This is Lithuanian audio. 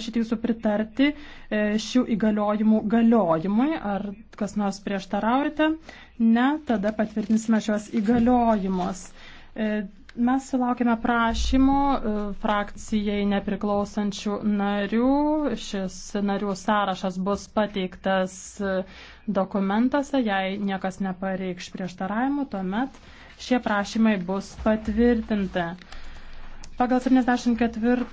paprašyti jūsų pritarti e, šių įgaliojimų galiojimui. Ar kas nors prieštaraujate? Ne, tada patvirtinsime šios įgaliojimus. E, mes sulaukime prašymo e, frakcijai nepriklausančių narių. Šis narių sąrašas bus pateiktas dokumentuose. Jei niekas nepareikš prieštaravimų, tuomet šie prašymai bus patvirtinti. Pagal 74